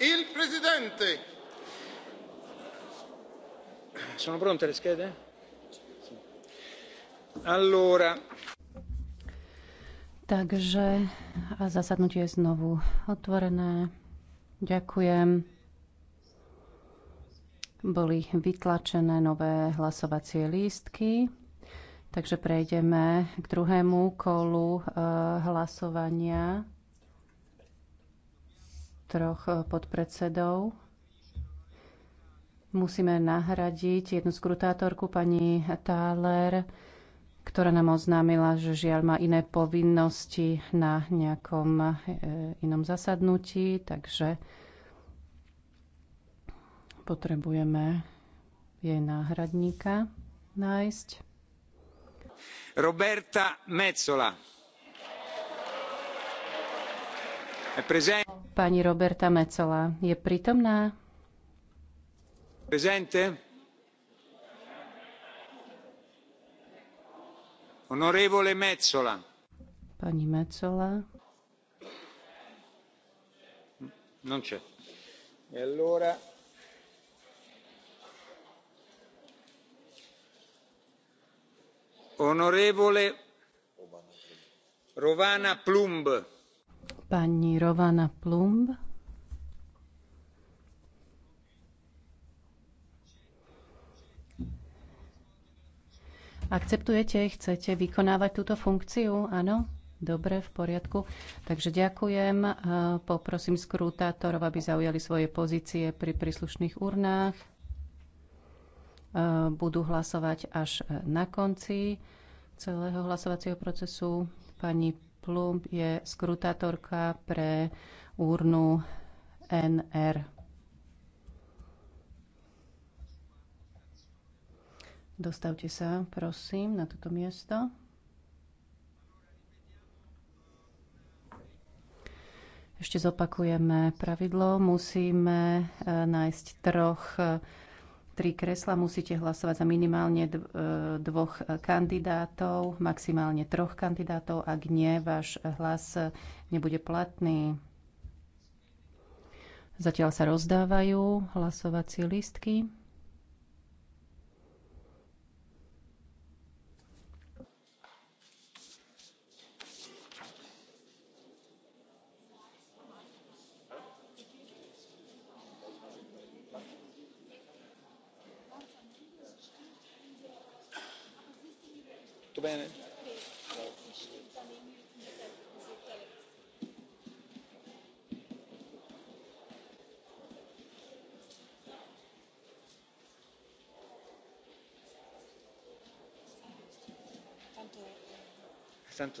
il presidente sono pronte le schede? Allora. Takže zasadnutie je znovu otvorené. Ďakujem. Boli vytlačené nové hlasovacie lístky. Takže prejdeme k druhému kolu eh, hlasovania troch eh, podpredsedov. Musíme nahradiť jednu skrutátorku, pani Táler, ktorá nám oznámila, že žiaľ má iné povinnosti na nejakom eh, inom zasadnutí, takže potrebujeme jej náhradníka nájsť. Roberta Metzola pani Roberta Mecola. Je prítomná? Presente. Onorevole Mecola. Pani Mezzola. Non c'è. E allora Onorevole Rovana Plumb Pani Rovana Plumb. Akceptujete, chcete vykonávať túto funkciu? Áno? Dobre, v poriadku. Takže ďakujem. Poprosím skrutátorov, aby zaujali svoje pozície pri príslušných urnách. Budú hlasovať až na konci celého hlasovacieho procesu. Pani Plump je skrutátorka pre urnu NR. Dostavte sa, prosím, na toto miesto. Ešte zopakujeme pravidlo. Musíme eh, nájsť troch eh, tri kresla musíte hlasovať za minimálne e, dvoch kandidátov, maximálne troch kandidátov. Ak nie, váš hlas nebude platný. Zatiaľ sa rozdávajú hlasovacie listky. extent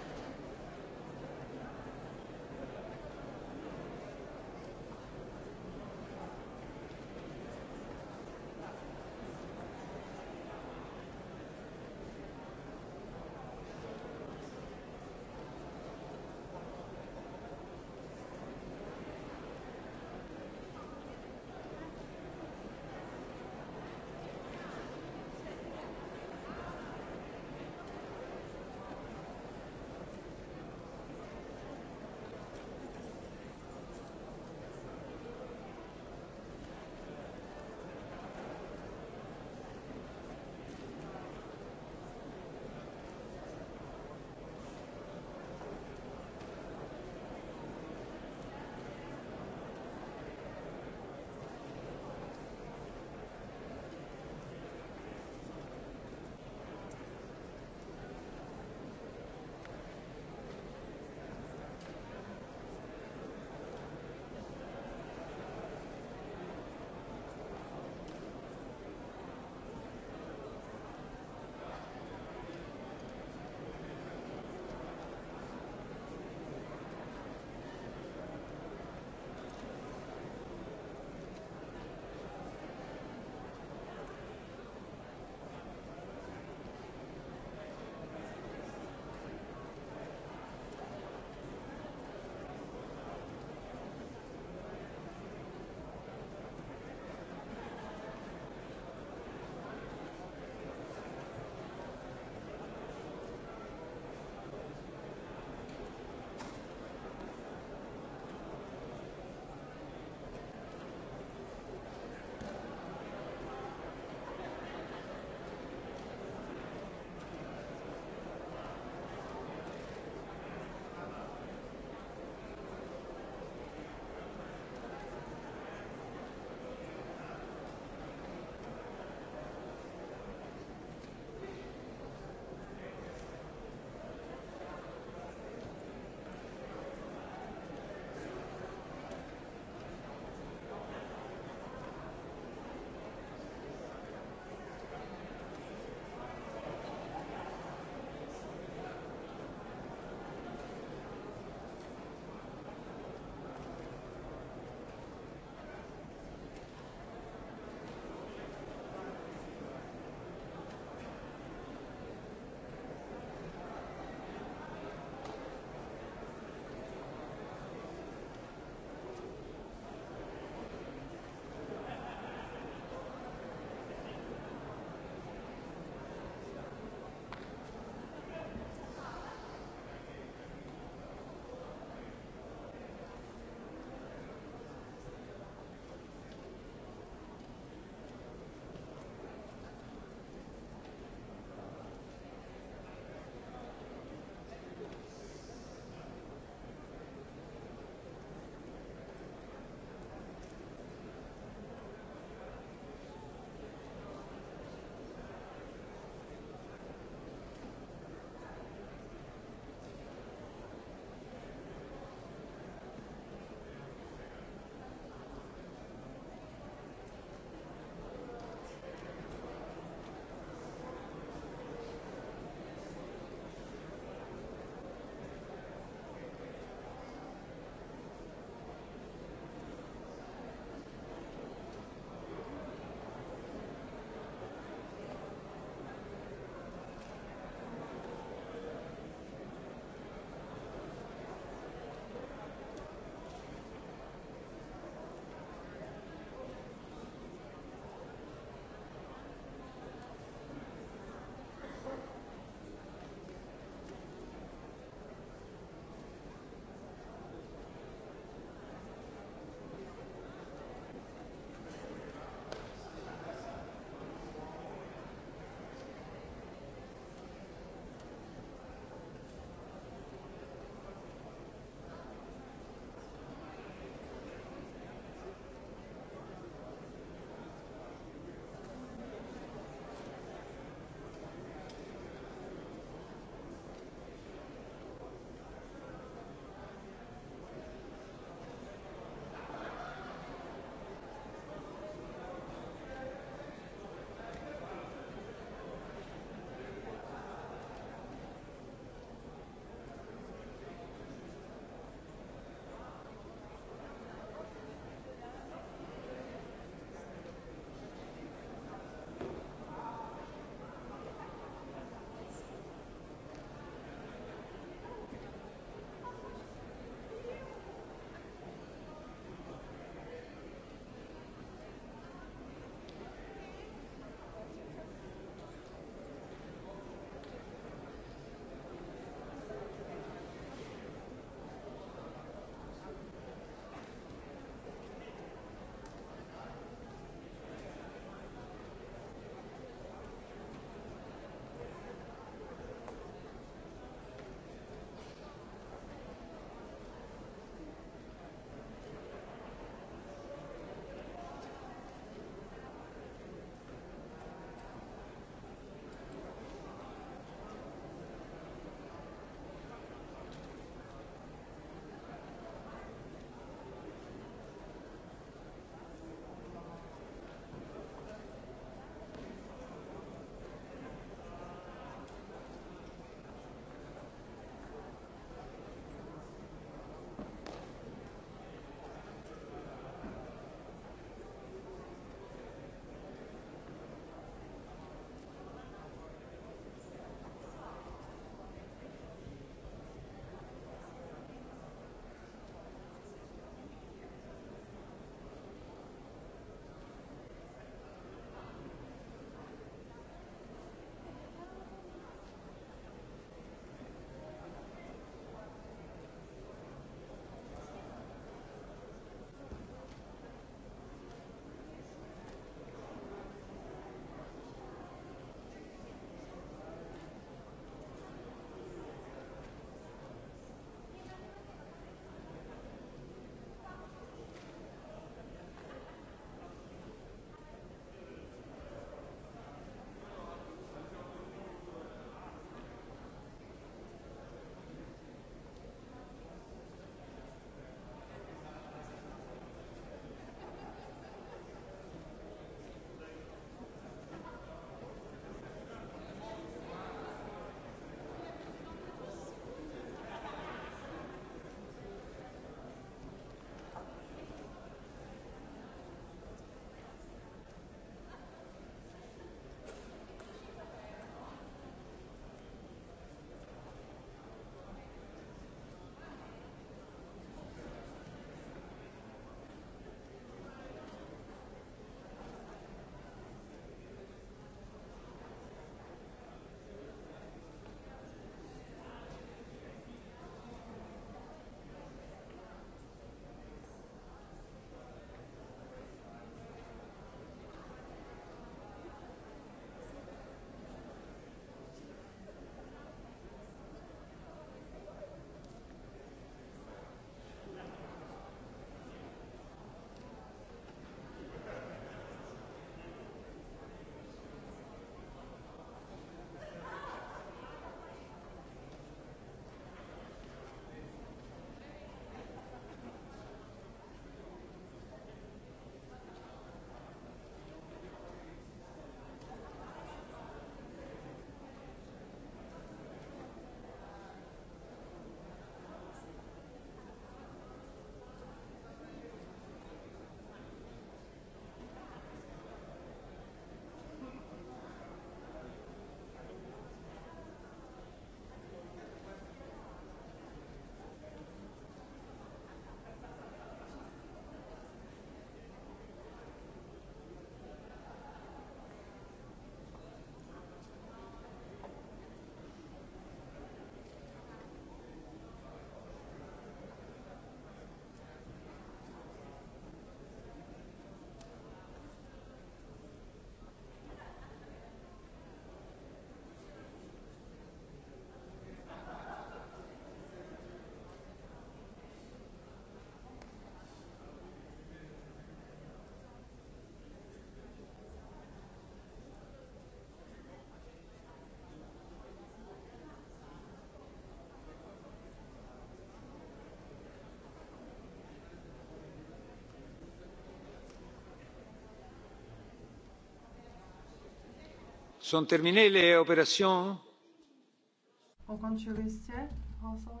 Ukončili ste hlasovanie?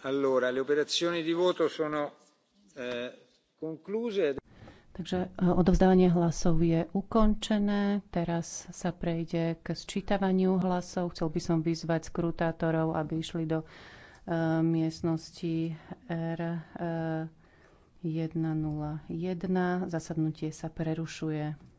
Eh, Takže eh, odovzdávanie hlasov je ukončené. Teraz sa prejde k sčítavaniu hlasov. Chcel by som vyzvať skrutátorov, aby išli do uh, miestnosti R101. Uh, Zasadnutie sa prerušuje.